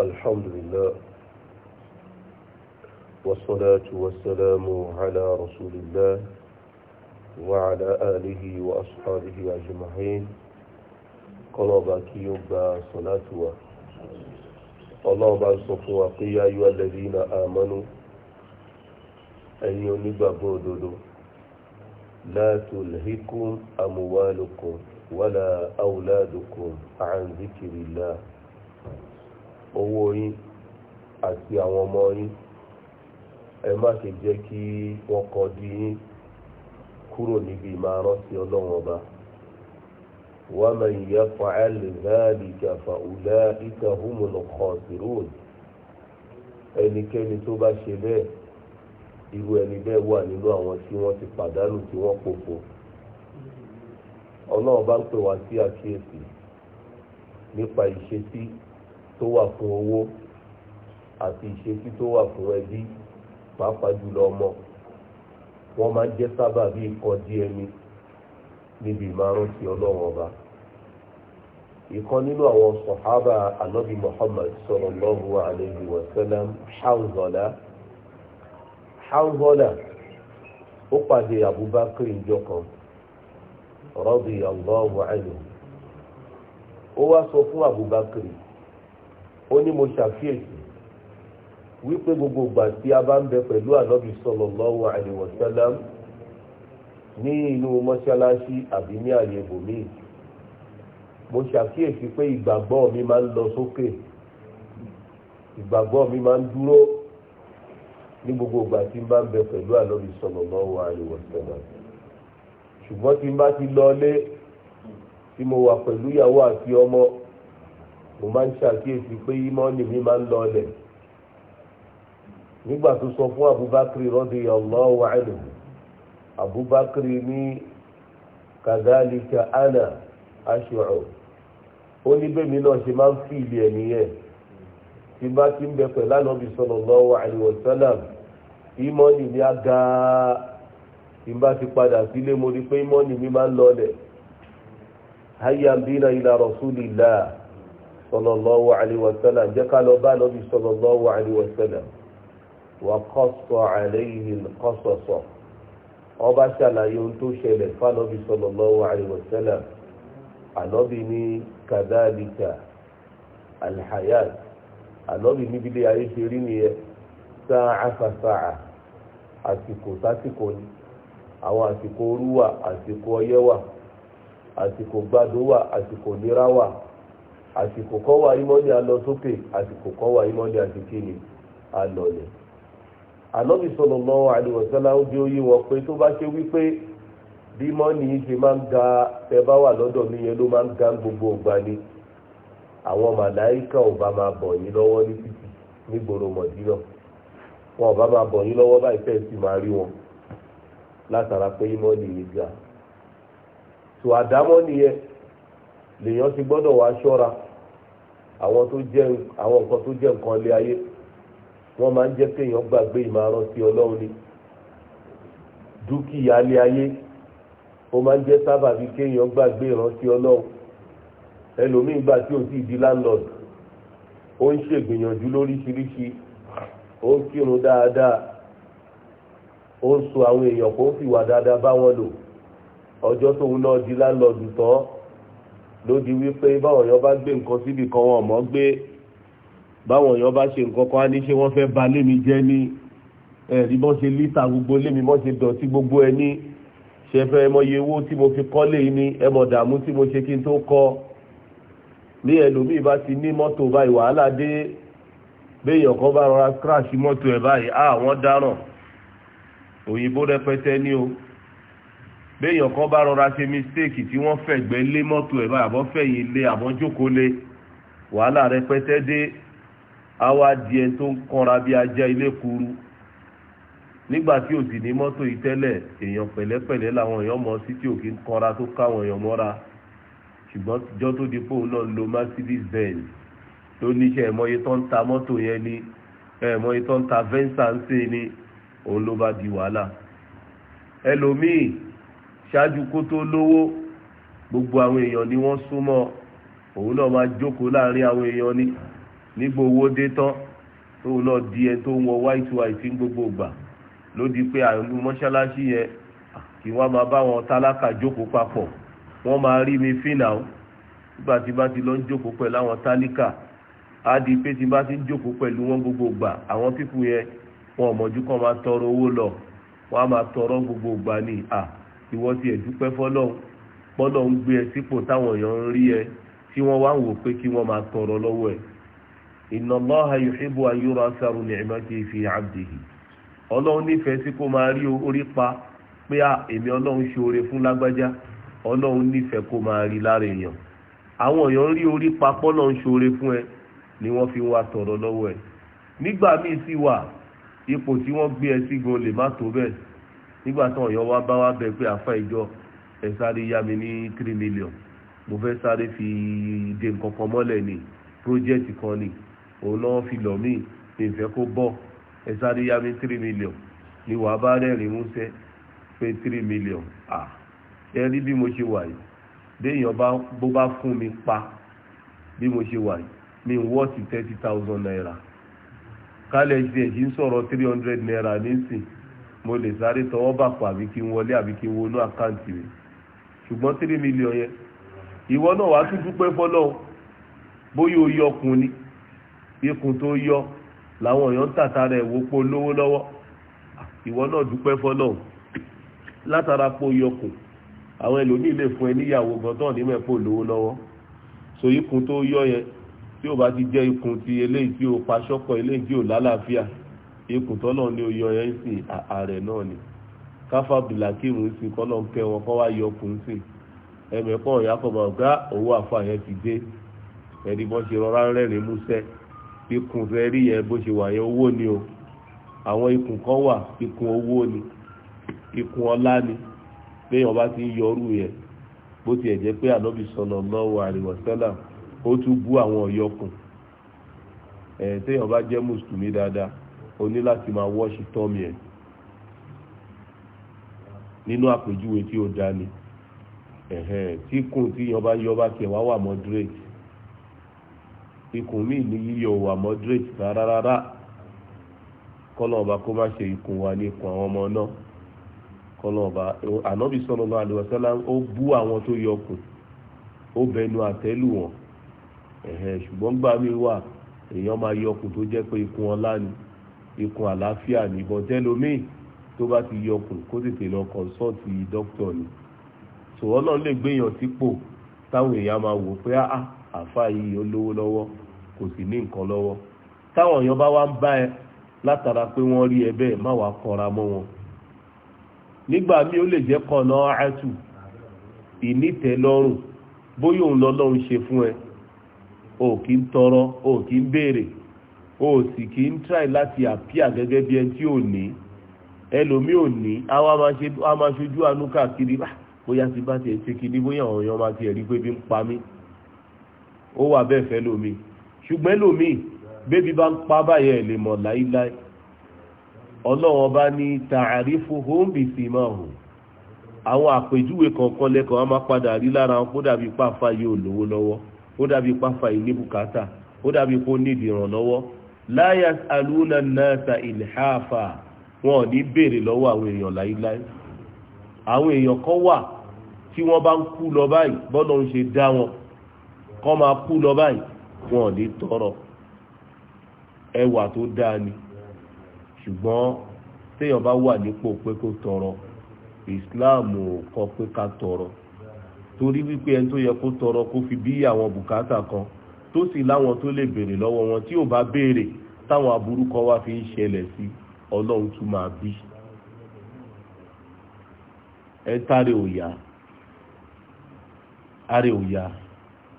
الحمد لله والصلاة والسلام على رسول الله وعلى آله وأصحابه أجمعين قلوبا كيوبا صلاة الله بعد صفوة قيا أيها الذين آمنوا أن ẹ̀yin onígbàgbọ́ لا تلهكم أموالكم ولا أولادكم عن ذكر الله owó yín àti àwọn ọmọ yín ẹ má ṣe jẹ́ kí wọ́n kọ́ di yín kúrò níbi ìmáa rántí ọlọ́run ọba wa man yaf'al dhalika fa ulaika humul khasirun ẹnikẹ́ni tó bá ṣe bẹ́ẹ̀ irú ẹni bẹ́ẹ̀ wà nínú àwọn tí wọ́n ti pàdánù tí wọ́n pòfo ọlọ́run bá ń pè wá sí àkíyèsí nípa ìṣesí tó wà fún owó àti ìṣesí tó wà fún ẹbí pàápàá jùlọ ọmọ wọ́n máa ń jẹ́ sábà bí ìkọjí ẹni níbi ìmárùntì ọlọ́run ọba ìkan nínú àwọn sọ̀hábà ànábì Muhammad sallallahu alayhi wa sallam Hanzala Hanzala ó pàdé Abubakar ìjọ kan radiyallahu anhu ó wá sọ fún Abubakar ó ní mo ṣàfiyèsí wípé gbogbo ìgbà tí a bá ń bẹ pẹ̀lú ànábì sallallahu alaihi wasallam ní inú mọ́ṣáláṣí àbí ní àyè ibòmíì mo ṣàkíyèsí pé ìgbàgbọ́ mi máa ń lọ sókè ìgbàgbọ́ mi máa ń dúró ní gbogbo ìgbà tí n bá ń bẹ pẹ̀lú ànábì sallallahu alaihi wasallam ṣùgbọ́n tí n bá ti lọ ilé tí mo wà pẹ̀lú ìyàwó àti ọmọ mo máa ń ṣàkíyèsí pé ìmọ̀ọ́nì mi máa ń lọ ọlẹ̀ nígbà tó sọ fún Abubakar radiyallahu anhu Abubakar ní kadhalika ana ash'ur ó ní bẹ́ẹ̀ mi náà ṣe máa ń fi ìlú ẹ̀ nìyẹn tí bá ti ń bẹ pẹ̀lú ànábì sallallahu alaihi wasallam ìmọ̀ọ́nì mi á ga tí bá ti padà sílé mo rí pé ìmọ̀ọ́nì mi máa ń lọ ọlẹ̀ hayya bina ila rasulillah sallallahu alayhi wa sallam jẹ́ ká lọ bá nọ́bí sallallahu alayhi wa sallam wà qassa alayhi al-qasas ọba ṣàlàyé ohun tó ṣẹlẹ̀ fánọ́bí sallallahu alayhi wa sallam ànọ́bí ní kadhalika alhayat ànọ́bí níbi ilé ayé ṣe rí nìyẹn sáà fàṣàà àsìkò sásìkò ni àwọn àsìkò orú àsìkò ọyẹ́ àsìkò gbádùn àsìkò nira àsìkò kan wà ìmọ́lẹ̀ alọ sókè àsìkò kan wà ìmọ́lẹ̀ àtìkè ni ànábì ó oyé wọn pé tó bá ṣe wípé bí yìí ṣe ga tẹ bá wà lọ́dọ̀ mi yẹn ga gbogbo ìgbà ni àwọn màláìkà ò bá máa bọ̀ yín lọ́wọ́ ní títì nígboro mọ̀dínà wọn ò bá máa bọ̀ yín wọn látara pé yìí ga tó àdámọ́ nìyẹn lèèyàn ti gbọ́dọ̀ wá ṣọ́ra àwọn tó jẹ́ àwọn nǹkan tó jẹ́ nǹkan lé ayé wọ́n máa ń jẹ́ kéèyàn gbàgbé ìmọ̀ràn sí ọlọ́run ni dúkìá lé ayé ó máa ń jẹ́ sábàbí kéèyàn gbàgbé ìrántí ọlọ́run ẹlòmíín gbà tí ò sì di landlord ó ń ṣègbìyànjú lóríṣiríṣi ó ń kírun dáadáa ó ń so àwọn èèyàn kó ń fìwà dáadáa bá wọn lò ọjọ́ tóun náà di landlord tán lódi wípé báwọn èèyàn bá gbé nǹkan síbi kan wọn mọ́ gbé báwọn èèyàn bá ṣe nǹkan kan á ní ṣé wọ́n fẹ́ ba lémi jẹ́ ní ẹ̀rí bọ́n ṣe lítà gbogbo lémi bọ́n ṣe dọ̀tí gbogbo ẹ ní ṣe fẹ́ mọ iye owó tí mo fi kọ́ léyìí ní ẹmọ dààmú tí mo ṣe kí n tó kọ́ ní ẹlòmíì bá ti ní mọ́tò báyìí wàhálà dé béèyàn kan bá rọra crash mọ́tò ẹ̀ báyìí àwọn dáràn òyìnbó rẹpẹtẹ ní o béèyàn kan bá rọra ṣe mistake tí wọ́n fẹ̀gbẹ́ lé mọ́tò ẹ̀ báyìí àbọ̀ fẹ̀yìn lé àbọ̀ jókòó lé wàhálà rẹpẹtẹ dé àwa di ẹni tó ń kanra bí ajá ilé kuru nígbà tí ò sì ní mọ́tò yìí tẹ́lẹ̀ èèyàn pẹ̀lẹ́pẹ̀lẹ́ làwọn èèyàn mọ̀ sí tí ò kí ń kanra tó káwọn èèyàn mọ́ra ṣùgbọ́n jọ́ tó di póun náà ń lo Mercedes Benz tó níṣẹ́ ẹ̀mọye tó ń ta mọ́tò yẹn ni ẹ̀mọye tó ń ta venza ń ṣe ni òun ló bá di wàhálà ẹlòmíì ṣáájú kó tó lówó gbogbo àwọn èèyàn ni wọ́n súnmọ́ òun náà máa jókòó láàrin àwọn èèyàn ni nígbà owó dé tán tóun náà di ẹ tó ń wọ white white ní gbogbo ìgbà ló di pé àìlú mọ́ṣáláṣí yẹn kí wọ́n máa bá wọn tálákà jókòó papọ̀ wọ́n máa rí mi fínà ó nígbà tí bá ti lọ ń jókòó pẹ̀lú àwọn tálíkà á di pé tí bá ti ń jókòó pẹ̀lú wọn gbogbo ìgbà àwọn pípù yẹn wọn ò mọ̀jú kan máa tọrọ owó lọ wọ́n á máa tọrọ gbogbo ìgbà ni à. Ah ìwọ ti ẹ̀dúpẹ́ fọlọ́hún pọ́lọ́ ń gbé ẹ sípò táwọn èèyàn ń rí ẹ tí wọ́n wá ń wò pé kí wọ́n máa tọrọ lọ́wọ́ ẹ̀ inna Allaha yuhibbu an yura asaru ni'matihi fi abdihi ọlọ́run nífẹ̀ẹ́ sí kó máa rí orí pa pé à èmi ọlọ́run ṣe oore fún lágbájá ọlọ́run nífẹ̀ẹ́ kó máa rí lára èèyàn àwọn èèyàn rí orí pa pọ́lọ́run ṣe oore fún ẹ ni wọ́n fi wá tọrọ lọ́wọ́ ẹ̀ nígbà míì sì wà ipò tí wọ́n gbé ẹ sí lè má tó bẹ́ẹ̀ nígbà tí ọ̀yọ́ wa bá wá bẹ pé àfa ìjọ ẹ sáré yá mi ní three million mo fẹ́ sáré fi de nǹkan kan mọ́lẹ̀ ni project kan ni òun náà fi lọ̀ mí mi ìfẹ́ kó bọ̀ ẹ sáré yá mi three million ni wàá bá rẹ́rìn músẹ́ pé three million ah ẹ rí bí mo ṣe wà yìí béèyàn bá bó bá fún mi pa bí mo ṣe wà yìí mi ń wọ́ọ̀tì thirty thousand naira kálẹ̀ ṣe èyí ń sọ̀rọ̀ three hundred naira nísìn mo lè sáré tọwọ́ bàpọ̀ àbí kí n wọlé àbí kí n wọnú àkáǹtì mi ṣùgbọ́n tírí mílíọ̀n yẹn ìwọ náà wàá tún dúpẹ́ fọlọ́hún bóyá o yọ ọkùn ni ikùn tó yọ làwọn èèyàn ń tàtàrà ẹ̀ wò pé olówó lọ́wọ́ ìwọ náà dúpẹ́ fọlọ́hún látara pé o yọkùn àwọn ẹlòmíì lè fún ẹ níyàwó gan tán ní mẹ́fọ́ olówó lọ́wọ́ so ikùn tó yọ yẹn tí o bá ti jẹ́ ikùn ti eléyìí tí o pa ikùn tọ́lọ̀ ní oyè ọyọ́ ìsìn ààrẹ náà ni káfá bìlákìm ń sìn kọ́lọ̀ ń kẹ́ wọn kọ́ wá yọ ọkùn sìn ẹ̀mẹ̀kọ́ ọ̀yá kọ́ máa gbá owó àfa yẹn ti dé ẹni bọ́ ṣe rọra rẹ́rìn músẹ́ ikùn rẹ rí yẹn bó ṣe wà yẹn owó ni o àwọn ikùn kan wà ikùn owó ni ikùn ọlá ni léèyàn bá ti ń yọrù yẹn bó tiẹ̀ jẹ́ pé ànábì sallallahu alaihi wasallam ó tún bú àwọn ọ̀yọ́kùn ẹ̀ bá jẹ́ mùsùlùmí dáadáa o ní láti máa wọ́ọ̀ṣì tọ́mì ẹ̀ nínú àpèjúwe tí ó dá ni tí kùn tí yọba yọba kẹ̀ wá wà moderate ikùn míì ní yíyọ wà moderate rárá rárá kó má ṣe ikùn wa ní ikùn àwọn ọmọ náà kọ́lọ́ọ̀ba ànábì sallallahu alaihi wasallam ó bú àwọn tó yọ kùn ó bẹnu àtẹ́lù wọn ṣùgbọ́n gbà mí wà èèyàn máa yọ ọkùn tó jẹ́ pé ikùn ọlá ni ikùn àlàáfíà ní bọ́tẹ́lómi tó bá ti yọkùn kó tètè lọ kọ́nsọ́ọ̀tì dókítà ni sòwọ́ náà lè gbéyàn sípò táwọn èèyàn máa wò pé ah, ah, àáfà yìí olówó lọ́wọ́ kò sì ní nǹkan lọ́wọ́ táwọn èèyàn bá wá ń bá ẹ látara pé wọ́n rí ẹ bẹ́ẹ̀ má wàá kọra mọ́ wọn nígbà míì ó lè jẹ́ kọ́nà àtù ìnítẹ̀lọ́rùn bóyá òun lọ́lọ́run ṣe fún ẹ o kì í tọrọ o kì í béèrè o sì kì í try láti àpíà gẹ́gẹ́ bí ẹni tí ò ní ẹlòmíì ò ní àwa máa ṣojú àánú káàkiri ah, bóyá ti bá tiẹ̀ ṣe kiri bóyá àwọn èèyàn máa tiẹ̀ rí pé bí ń pa mí ó wà bẹ́ẹ̀ fẹ́ lómi ṣùgbọ́n lómi bébí bá ń pa báyẹn lè mọ̀ láíláí ọlọ́wọ́n bá ní tààrífù hóńbìsímáhùn àwọn àpèjúwe kọ̀ọ̀kan lẹ́kọ̀ọ́ a máa padà rí lára wọn kó dàbí pàfà yìí ò lówó lọ́wọ́ kó dàbí pàfà yìí ní bùkátà kó dàbí pé ó nídìí ìrànlọ́wọ́ la yas'aluna an-nasa ilhafa wọn ò ní béèrè lọ́wọ́ àwọn èèyàn láíláí àwọn èèyàn kan wà tí wọ́n bá ń kú lọ báyìí bọ́dọ̀ ń ṣe dá wọn kọ́ máa kú lọ báyìí wọn ò ní tọrọ ẹwà tó dáa ni ṣùgbọ́n téèyàn bá wà nípò pé kó tọrọ Islam ò kọ pé ká tọrọ torí wípé ẹni tó yẹ kó tọrọ kó fi bí àwọn bùkátà kan tó sì láwọn tó lè béèrè lọ́wọ́ wọn tí ò bá béèrè táwọn aburú wá fi ń ṣẹlẹ̀ sí ọlọ́run tún máa bí oya òyà àrẹ̀ òyà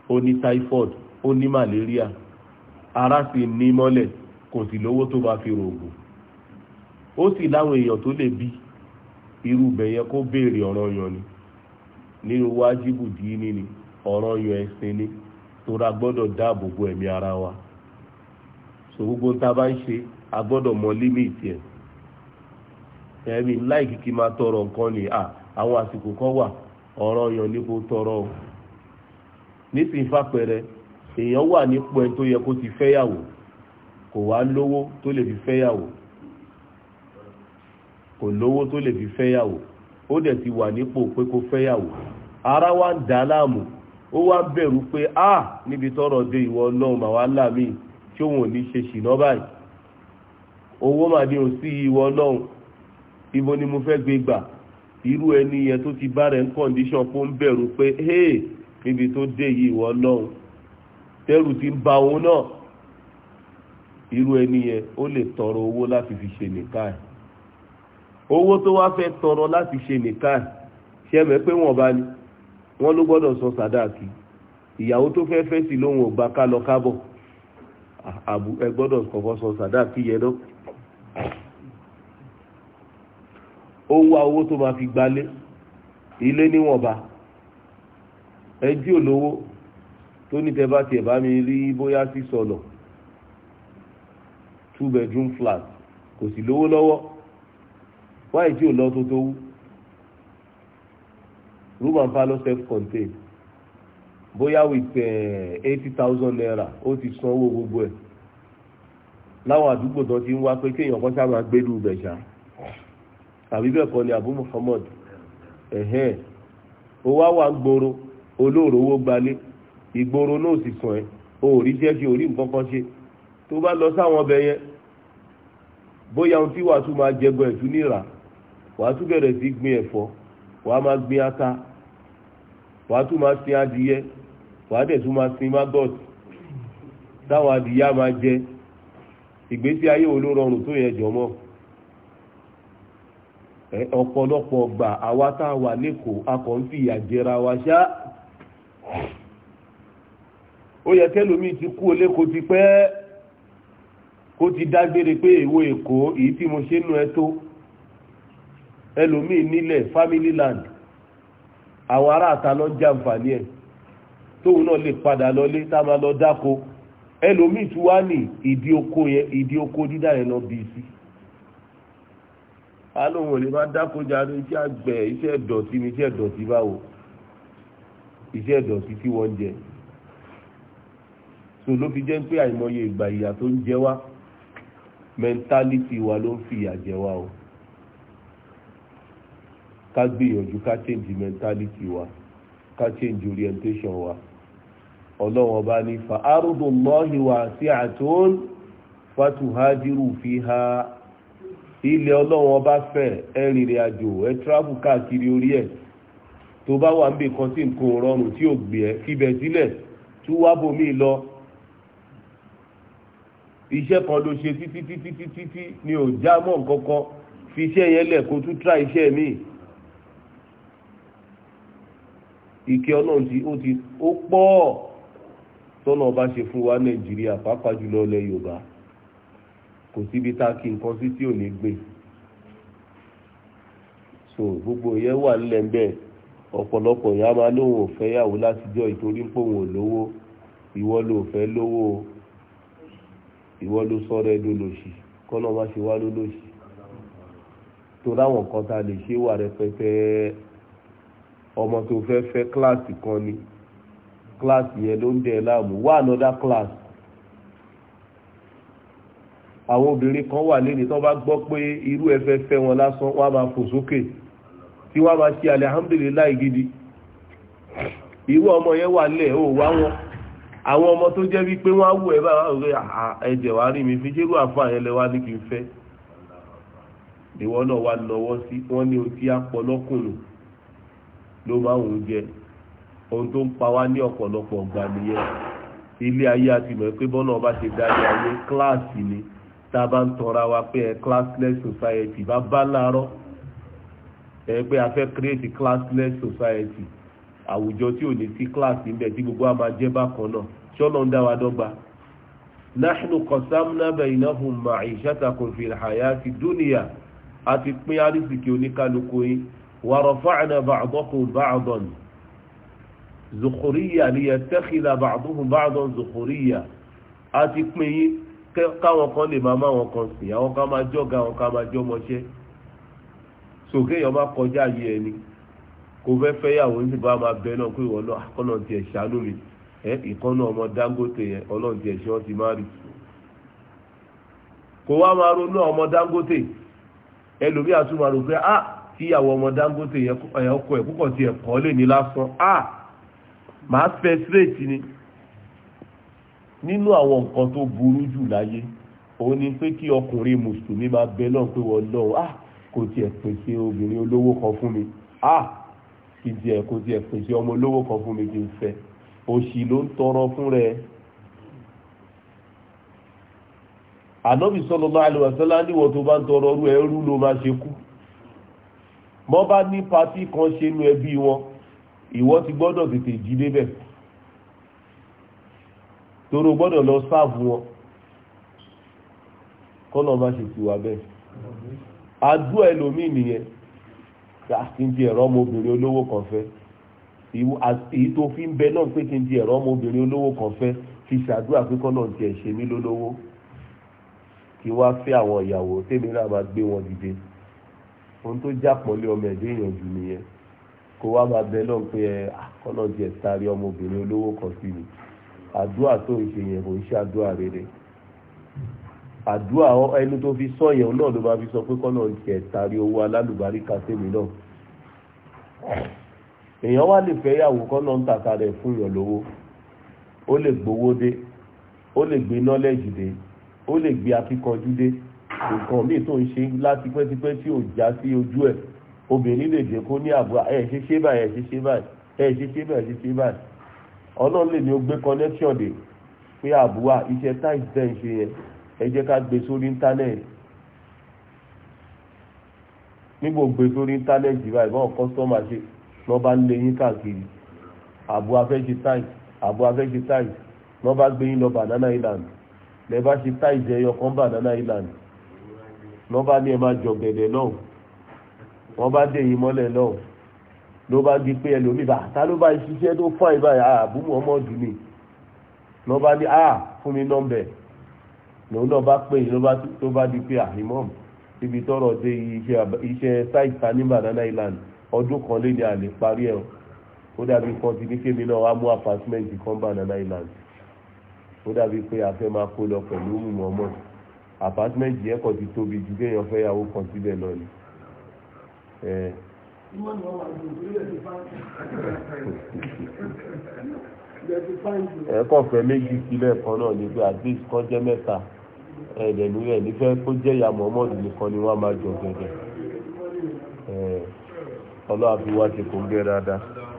ó ní typhoid ó malaria ara sì ní mọ́lẹ̀ kò sì lówó tó fi rògùn ó sì láwọn èèyàn tó lè bí irú bẹ̀yẹn kó béèrè yàn ni nínú wájibù ni ọ̀ràn yàn ẹ̀sìn ni tó ra gbọ́dọ̀ dáàbò bo ara wa. so gbogbo tá a bá ń ṣe a gbọ́dọ̀ mọ límìtì ẹ̀ ẹ̀mí láìkí kí máa tọrọ nǹkan ni àwọn àsìkò kan wà ọ̀rọ̀ yàn ní kó tọrọ o nísìnyí fàpẹẹrẹ èèyàn wà nípò ẹ tó yẹ kó ti fẹ́yàwó kò wá lówó tó lè fi fẹ́yàwó kò lówó tó lè fi fẹ́yàwó ó dẹ̀ ti wà nípò pé kó fẹ́yàwó ara wa ń dà á láàmú ó wá bẹ̀rù pé a níbi tọrọ dé ìwọ ọlọ́run màwa láàmì tí òun ò ní ṣe ṣìná báyìí owó mà ní òsì ìwọ náà ibo ni mo fẹ́ gbé gbà irú ẹni yẹn tó ti bá rẹ̀ ń kọ́ndíṣàn kó ń pé hey níbi tó dé yìí ìwọ náà tẹ́rù ti ń ba òun náà irú ẹni yẹn ó lè tọrọ owó láti fi ṣe nìkan ẹ̀ owó tó wá fẹ́ tọrọ láti ṣe nìkan ẹ̀ ṣẹ́mẹ̀ pé wọ́n bá ní wọ́n ló gbọ́dọ̀ sọ sàdáàkì ìyàwó tó fẹ́ fẹ́ sí lóhun ò gbà ká lọ kábọ̀ àbú ẹ gbọ́dọ̀ kọ́kọ́ sọ sàdá kí yẹ náà ó wá owó tó máa fi gbalé ilé níwọ̀nba ẹjí olówó tó ní tẹ bá tiẹ̀ bá mi rí bóyá sí sọ̀nà two bedroom flat kò sì lówó lọ́wọ́ wáyé tí ò lọ tó tó wú room and parlour self contained bóyá with eh, eighty thousand naira ó ti sanwó gbogbo ẹ̀ láwọn àdúgbò tó ti ń wá pé kéèyàn kan sáà máa gbélú bẹ̀ṣà àbí bẹ́ẹ̀ kọ́ ni Abu Muhammad ẹ̀hẹ́n ó wá wà ń gbòòrò olóòrò owó gbalé ìgboro náà sì sàn ẹ́ o ò rí jẹ́ kí orí nǹkan kan ṣe tó bá lọ sáwọn ọbẹ̀ yẹn bóyá ohun tí wàá tún máa jẹgbọ́n ẹ̀tún níra wàá tún bẹ̀rẹ̀ sí gbin ẹ̀fọ́ wàá máa gbin ata wàá tún máa sin adìyẹ wàá dẹ̀ tún máa sin maggot táwọn adìyẹ á máa jẹ ìgbésí ayé wo ló rọrùn tó yẹ jọmọ́ ọ̀pọ̀lọpọ̀ gbà àwa tá a wà lẹ́kọ̀ọ́ a kàn ń fìyà jẹra wa ṣá ó yẹ kẹlòmí ti kú oléko ti pẹ́ kó ti dágbére pé èwo èkó èyí tí mo ṣe nú ẹ tó ẹlòmíì nílẹ̀ family land àwọn ará àta lọ jàǹfààní ẹ̀ tóun náà lè padà lọlé tá a máa lọ dáko ẹlòmíì tún wá ní ìdí oko yẹn ìdí oko dídá yẹn lọ bí i sí alóhùn òní máa dákójà ní iṣẹ́ àgbẹ̀ iṣẹ́ ìdọ̀tí ní iṣẹ́ ìdọ̀tí báwo iṣẹ́ ìdọ̀tí tí wọ́n jẹ so ló fi jẹ́ pé àìmọye ìgbà ìyà tó ń jẹ wá mẹ́ńtálítì wa ló ń fi ìyà jẹ wá o ká gbìyànjú ká change mentality wa ká change orientation wa ọlọ́run ọba ní fa arúgbó mọ́hì wa sí àtún fatuhajiru fi ha ilẹ̀ ọlọ́run ọba fẹ̀ ẹ rìnrìn àjò ẹ travel káàkiri orí ẹ̀ tó bá wà níbi kan tí nǹkan rọrùn tí ò gbé ẹ fibẹ̀ sílẹ̀ tú wá bomi lọ iṣẹ́ kan ló ṣe títí títí títí ní ò já mọ́ nǹkan kan fi iṣẹ́ yẹn lẹ̀ kó tún tra iṣẹ́ míì ìkẹ́ ọlọ́run tí ó ti ó pọ̀ tọ́nà ọba ṣe fún wa nàìjíríà pàápàá jùlọ ilẹ̀ yorùbá kò síbi tá a kí nǹkan sí tí ò ní gbìn so gbogbo yẹn wà nílẹ̀ ń bẹ́ẹ̀ ọ̀pọ̀lọpọ̀ yẹn a máa lóun ò fẹ́ yàwó látijọ́ ìtorí pé òun ò lówó ìwọ ló fẹ́ lówó ìwọ ló sọ̀rọ̀ ẹ̀dùn lòṣì kọ́nà má ṣe wá lólòṣì tó láwọn kan tá a lè ṣe wà rẹpẹtẹ ọmọ tó fẹ́ fẹ́ kíláàsì kan ni kíláàsì yẹn ló ń dẹ̀ láàmú wá another class àwọn obìnrin kan wà lẹ́ni tó bá gbọ́ pé irú ẹ fẹ́ fẹ́ wọn lásán wọ́n á máa fò sókè tí wọ́n á máa ṣe alihamudulilayi gidi irú ọmọ yẹn wà lẹ̀ ó wá wọn àwọn ọmọ tó jẹ́ wípé wọ́n á wù ẹ́ bá wà ẹ̀jẹ̀ wá rí mi fi ṣerú àfa yẹn lẹ wá ní kí n fẹ́ ìwọ náà wà lọ́wọ́ sí wọ́n ní otí apọ̀ lọ́kùnrin ló máa ń jẹ ohun tó ń pa wá ní ọ̀pọ̀lọpọ̀ ọ̀gbà nìyẹn ilé ayé a ti pé ọba ṣe darí ayé kíláàsì ni tá a bá ń tọra wa pé ẹ classless society bá bá láàárọ̀ ẹ pé a fẹ́ create classless society àwùjọ tí ò ní sí kíláàsì ń bẹ tí gbogbo a jẹ́ bákan náà ṣọ́nà ń dá wa dọ́gba pín ورفعنا بعضكم بعضا زخرية ليتخذ بعضهم بعضا زخرية àti pín yín káwọn kan lè máa máa wọn kan sìn àwọn kan máa jọ́ga àwọn kan máa jọ́mọṣẹ́ sòkè èèyàn bá kọjá yé ẹni kò fẹ́ fẹ́yàwó ní bá máa bẹ náà pé ìwọ́n náà kọ́nà tiẹ̀ ṣàánú mi ẹ ìkọ́nà ọmọ Dangote yẹn ọlọ́run tiẹ̀ ṣe wọ́n ti máa rí kò wá máa ronú ọmọ Dangote ẹlòmíà tún máa rò pé ah kíyàwó ọmọ Dangote ọkọ̀ ẹ̀ púpọ̀ ti ẹ̀kọ́ lè ní lásán à ah! máa fẹ́ síréètì ni nínú àwọn nǹkan tó burú jù láyé òun ni pé kí ọkùnrin mùsùlùmí máa bẹ náà pé wọ́n lọ́wọ́ à ah! kò tiẹ̀ pèsè obìnrin olówó kan fún mi à ah! kì í tiẹ̀ kò tiẹ̀ pèsè ọmọ olówó kan fún mi kì í fẹ́ òṣì ló ń tọrọ fún rẹ̀ ànábì sallallahu alaihi wasallam níwọ̀n tó bá ń tọrọ ọrú ẹrú ló máa ṣe kú mọ́ bá ní patí kan ṣe nu ẹbí wọn ìwọ ti gbọ́dọ̀ tètè jí débẹ̀ toro gbọ́dọ̀ lọ sáàfù wọn kọ́nà má ṣe tiwa bẹ́ẹ̀ adú ẹlòmíì nìyẹn kí n ti ẹ̀rọ ọmọbìnrin olówó kan fẹ́ èyí tó fi ń bẹ náà pé kí n ti ẹ̀rọ ọmọbìnrin olówó kan fẹ́ fi ṣàdúrà pé kọ́nà tiẹ̀ ṣe mí lólówó kí wá fẹ́ àwọn ìyàwó tèmi náà máa gbé wọn dìde ohun tó jápọ̀lé ọmọ ẹ̀dẹ́ èèyàn jù nìyẹn kó wá máa bẹ lọ́n pé ẹ akọ́nà jẹ sáré ọmọbìnrin olówó kan sí mi àdúrà tó ń ṣe yẹn kò ń ṣe àdúrà rere àdúrà ẹni tó fi sọ yẹn náà ló máa fi sọ pé kọ́nà jẹ sáré owó alálùbáríkà sẹ́mi náà èèyàn wá lè fẹ́ yàwó kọ́nà ń tàka rẹ̀ fún yàn lówó ó lè gbowó dé ó lè gbé nọ́lẹ́jì dé ó lè gbé akíkanjú dé nǹkan míì tó ń ṣe láti pẹ́tipẹ́ tí ò já sí ojú ẹ̀ obìnrin lè jẹ́ kó ní àbúrò ẹ̀ ṣe ṣe báyìí ẹ̀ ṣe ṣe báyìí ẹ̀ ṣe ṣe báyìí ẹ̀ ṣe ṣe báyìí ọlọ́run lè ní o gbé connection dè pé àbúrò iṣẹ́ táìsì tẹ̀ ń ṣe yẹn ẹ jẹ́ ká gbé sórí íńtánẹ́ẹ̀tì nígbò gbé sórí íńtánẹ́ẹ̀tì báyìí báwọn kọ́sítọ́mà ṣe lọ́ bá ń lé yín káàkiri àbúrò afẹ́ṣe táìsì àbúrò afẹ́ṣe táìsì lọ́ bá gbé yín lọ Banana Island lẹ́ bá ṣe táìsì ẹyọ kan Banana ló bá ní ẹ máa jọ gẹ̀dẹ̀ náà wọ́n bá dé yìí mọ́lẹ̀ náà ló bá gbé pé ẹlòmíì bá ta ló bá ṣiṣẹ́ tó fún àyíbá àbú ah, muhammadu ni ló bá ní ah fún mi nọ́mbẹ̀ lòun náà bá pè yìí ló bá di pé àhìmọ́m ah, ibi tọrọ dé iṣẹ́ sáìta ní banana island ọdún kan lé ní àlè parí ẹ̀ ó dàbí kan ti ní kémi náà wá mú apartment kan banana island ó dàbí pé a fẹ́ máa kó lọ pẹ̀lú muhammadu apartment yẹn kàn ti tóbi ju kéèyàn fẹ́ yàwó kan síbẹ̀ náà ni. ẹ̀kọ́ fẹ́ méjì sílẹ̀ kan náà ni pé at least kan jẹ́ mẹ́ta ẹ̀ẹ́dẹ̀nu rẹ̀ nífẹ̀ẹ́ kó jẹ́ ìyá Muhammadu nìkan ni wọ́n máa jọ gẹ̀gẹ̀ ọlọ́àbí wa ti kò ń gẹ́ dáadáa.